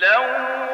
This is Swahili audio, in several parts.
لو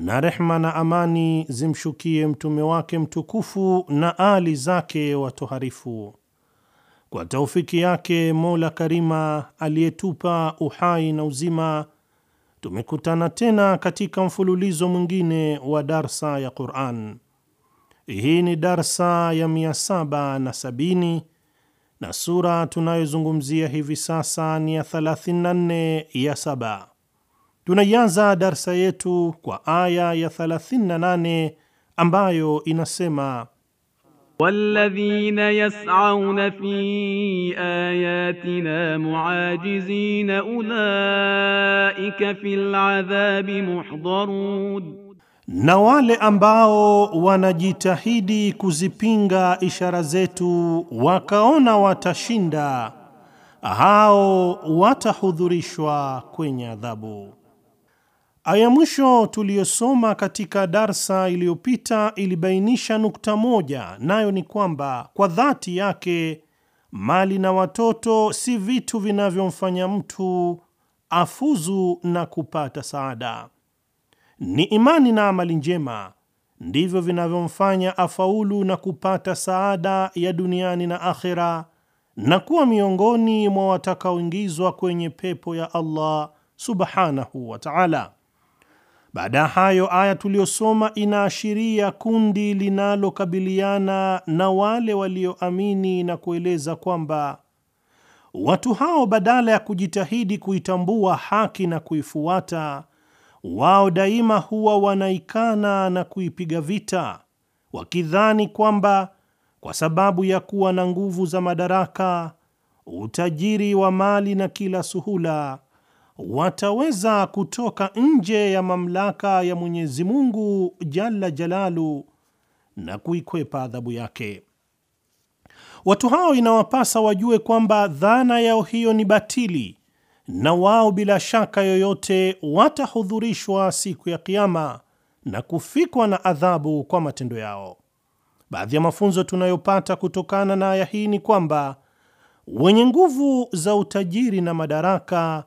na rehma na amani zimshukie mtume wake mtukufu na ali zake watoharifu. Kwa taufiki yake Mola Karima aliyetupa uhai na uzima, tumekutana tena katika mfululizo mwingine wa darsa ya Quran. Hii ni darsa ya 77 na na sura tunayozungumzia hivi sasa ni ya 34 ya 7 Tunaianza darsa yetu kwa aya ya 38 ambayo inasema walladhina yas'auna fi ayatina muajizina ulaika fil adhabi muhdharun, na wale ambao wanajitahidi kuzipinga ishara zetu wakaona watashinda, hao watahudhurishwa kwenye adhabu. Aya mwisho tuliyosoma katika darsa iliyopita ilibainisha nukta moja, nayo ni kwamba kwa dhati yake mali na watoto si vitu vinavyomfanya mtu afuzu na kupata saada. Ni imani na amali njema ndivyo vinavyomfanya afaulu na kupata saada ya duniani na akhera na kuwa miongoni mwa watakaoingizwa kwenye pepo ya Allah subhanahu wa ta'ala. Baada ya hayo, aya tuliyosoma inaashiria kundi linalokabiliana na wale walioamini na kueleza kwamba watu hao badala ya kujitahidi kuitambua haki na kuifuata, wao daima huwa wanaikana na kuipiga vita, wakidhani kwamba kwa sababu ya kuwa na nguvu za madaraka, utajiri wa mali na kila suhula wataweza kutoka nje ya mamlaka ya Mwenyezi Mungu jalla jalalu na kuikwepa adhabu yake. Watu hao inawapasa wajue kwamba dhana yao hiyo ni batili, na wao bila shaka yoyote watahudhurishwa siku ya Kiama na kufikwa na adhabu kwa matendo yao. Baadhi ya mafunzo tunayopata kutokana na aya hii ni kwamba wenye nguvu za utajiri na madaraka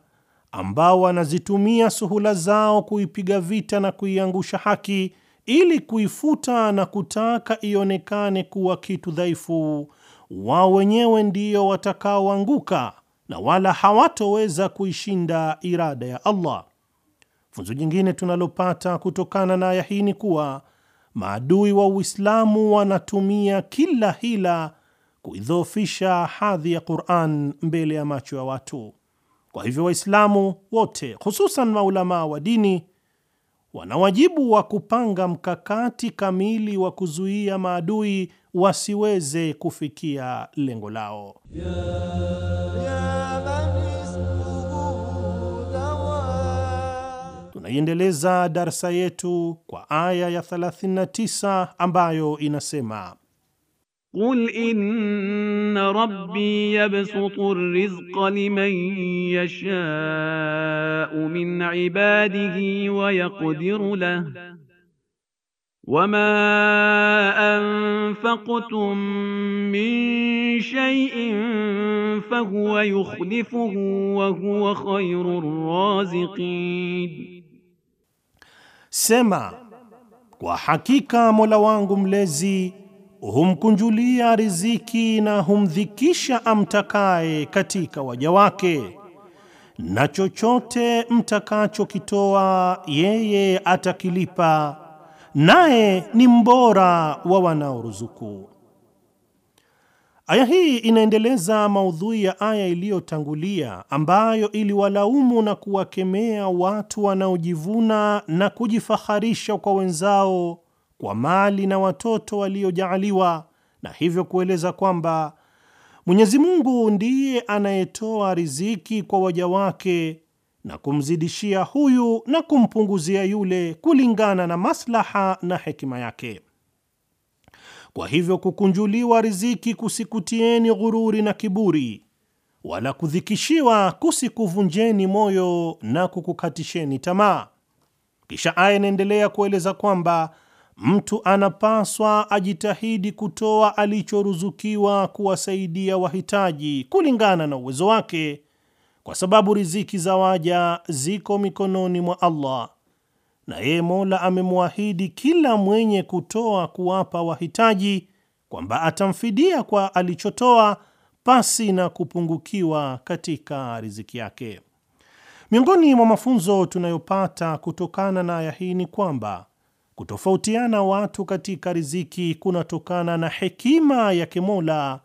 ambao wanazitumia suhula zao kuipiga vita na kuiangusha haki ili kuifuta na kutaka ionekane kuwa kitu dhaifu, wao wenyewe ndio watakaoanguka na wala hawatoweza kuishinda irada ya Allah. Funzo jingine tunalopata kutokana na aya hii ni kuwa maadui wa Uislamu wanatumia kila hila kuidhoofisha hadhi ya Qur'an mbele ya macho ya watu. Kwa hivyo Waislamu wote hususan maulamaa wa dini wana wajibu wa kupanga mkakati kamili wa kuzuia maadui wasiweze kufikia lengo lao Tunaiendeleza darsa yetu kwa aya ya 39 ambayo inasema قل إن ربي يبسط الرزق لمن يشاء من عباده ويقدر له وما أنفقتم من شيء فهو يخلفه وهو خير الرازقين سمع وحكيك hakika Mola humkunjulia riziki na humdhikisha amtakaye katika waja wake, na chochote mtakachokitoa yeye atakilipa, naye ni mbora wa wanaoruzuku. Aya hii inaendeleza maudhui ya aya iliyotangulia ambayo iliwalaumu na kuwakemea watu wanaojivuna na kujifaharisha kwa wenzao kwa mali na watoto waliojaaliwa, na hivyo kueleza kwamba Mwenyezi Mungu ndiye anayetoa riziki kwa waja wake na kumzidishia huyu na kumpunguzia yule kulingana na maslaha na hekima yake. Kwa hivyo kukunjuliwa riziki kusikutieni ghururi na kiburi, wala kudhikishiwa kusikuvunjeni moyo na kukukatisheni tamaa. Kisha aya inaendelea kueleza kwamba mtu anapaswa ajitahidi kutoa alichoruzukiwa kuwasaidia wahitaji kulingana na uwezo wake, kwa sababu riziki za waja ziko mikononi mwa Allah, na yeye Mola amemwahidi kila mwenye kutoa kuwapa wahitaji kwamba atamfidia kwa alichotoa pasi na kupungukiwa katika riziki yake. Miongoni mwa mafunzo tunayopata kutokana na aya hii ni kwamba Kutofautiana watu katika riziki kunatokana na hekima ya Kimola,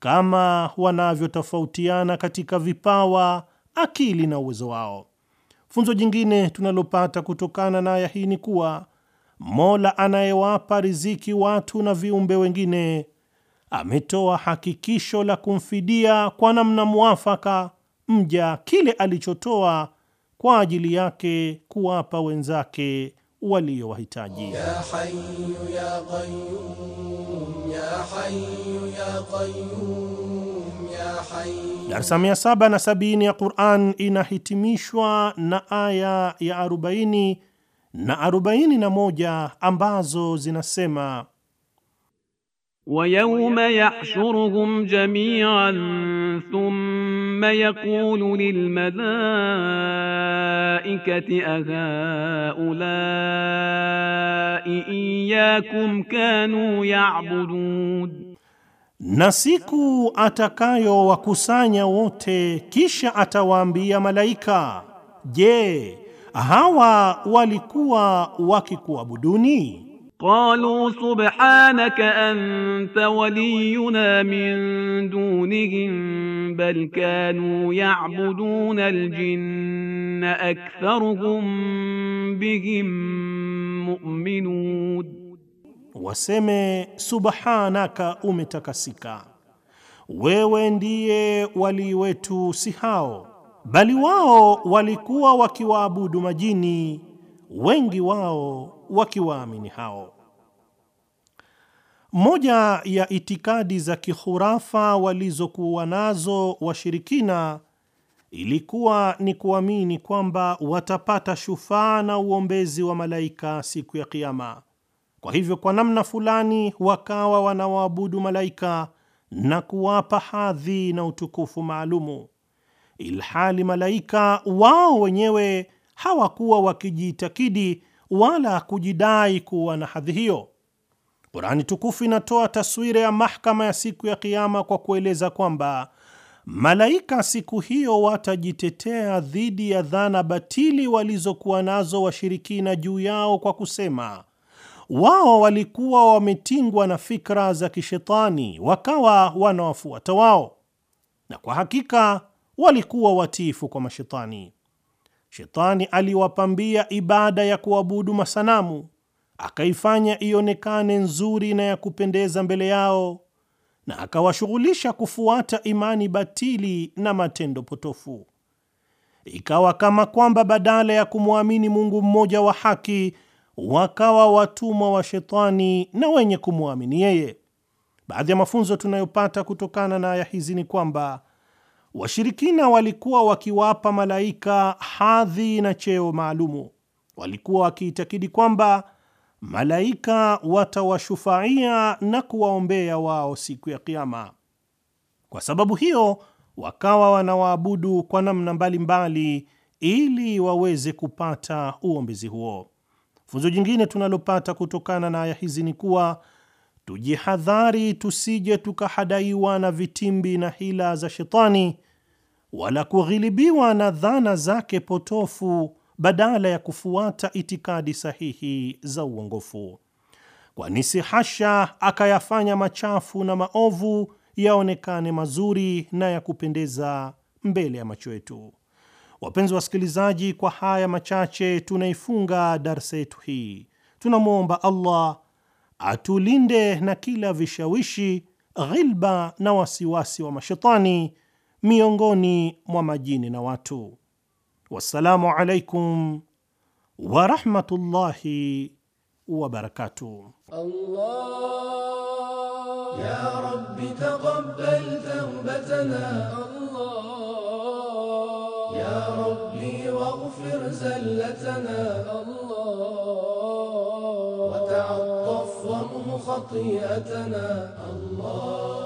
kama wanavyotofautiana katika vipawa, akili na uwezo wao. Funzo jingine tunalopata kutokana na aya hii ni kuwa Mola anayewapa riziki watu na viumbe wengine ametoa hakikisho la kumfidia kwa namna mwafaka mja kile alichotoa kwa ajili yake kuwapa wenzake walio waliowahitaji. Darsa 770 ya Quran inahitimishwa na aya ya 40 na 41 ambazo zinasema ويوم يحشرهم جميعا ثم يقول للملائكة أهؤلاء إياكم كانوا yabudun na siku atakayowakusanya wote, kisha atawaambia malaika, je, hawa walikuwa wakikuabuduni? Qalu subhanaka anta waliyuna min dunihim bal kanu ya'buduna aljinna aktharuhum bihim mu'minun, waseme subhanaka, umetakasika wewe ndiye walii wetu si hao, bali wao walikuwa wakiwaabudu majini, wengi wao wakiwaamini hao. Moja ya itikadi za kihurafa walizokuwa nazo washirikina ilikuwa ni kuamini kwamba watapata shufaa na uombezi wa malaika siku ya Kiama. Kwa hivyo, kwa namna fulani wakawa wanawaabudu malaika na kuwapa hadhi na utukufu maalumu, ilhali malaika wao wenyewe hawakuwa wakijiitakidi wala kujidai kuwa na hadhi hiyo. Kurani tukufu inatoa taswira ya mahakama ya siku ya Kiama kwa kueleza kwamba malaika siku hiyo watajitetea dhidi ya dhana batili walizokuwa nazo washirikina juu yao kwa kusema wao walikuwa wametingwa na fikra za kishetani wakawa wanawafuata wao, na kwa hakika walikuwa watiifu kwa mashetani. Shetani aliwapambia ibada ya kuabudu masanamu akaifanya ionekane nzuri na ya kupendeza mbele yao na akawashughulisha kufuata imani batili na matendo potofu. Ikawa kama kwamba badala ya kumwamini Mungu mmoja wa haki, wakawa watumwa wa shetani na wenye kumwamini yeye. Baadhi ya mafunzo tunayopata kutokana na aya hizi ni kwamba washirikina walikuwa wakiwapa malaika hadhi na cheo maalumu. Walikuwa wakiitakidi kwamba malaika watawashufaia na kuwaombea wao siku ya Kiama. Kwa sababu hiyo wakawa wanawaabudu kwa namna mbalimbali ili waweze kupata uombezi huo. Funzo jingine tunalopata kutokana na aya hizi ni kuwa tujihadhari, tusije tukahadaiwa na vitimbi na hila za shetani, wala kughilibiwa na dhana zake potofu badala ya kufuata itikadi sahihi za uongofu, kwani si hasha akayafanya machafu na maovu yaonekane mazuri na ya kupendeza mbele ya macho yetu. Wapenzi wasikilizaji, kwa haya machache tunaifunga darsa yetu hii. Tunamwomba Allah atulinde na kila vishawishi, ghilba na wasiwasi wa mashetani miongoni mwa majini na watu. والسلام عليكم ورحمة الله وبركاته الله يا رب تقبل توبتنا الله يا ربي واغفر زلتنا الله وتعطف وامه خطيئتنا الله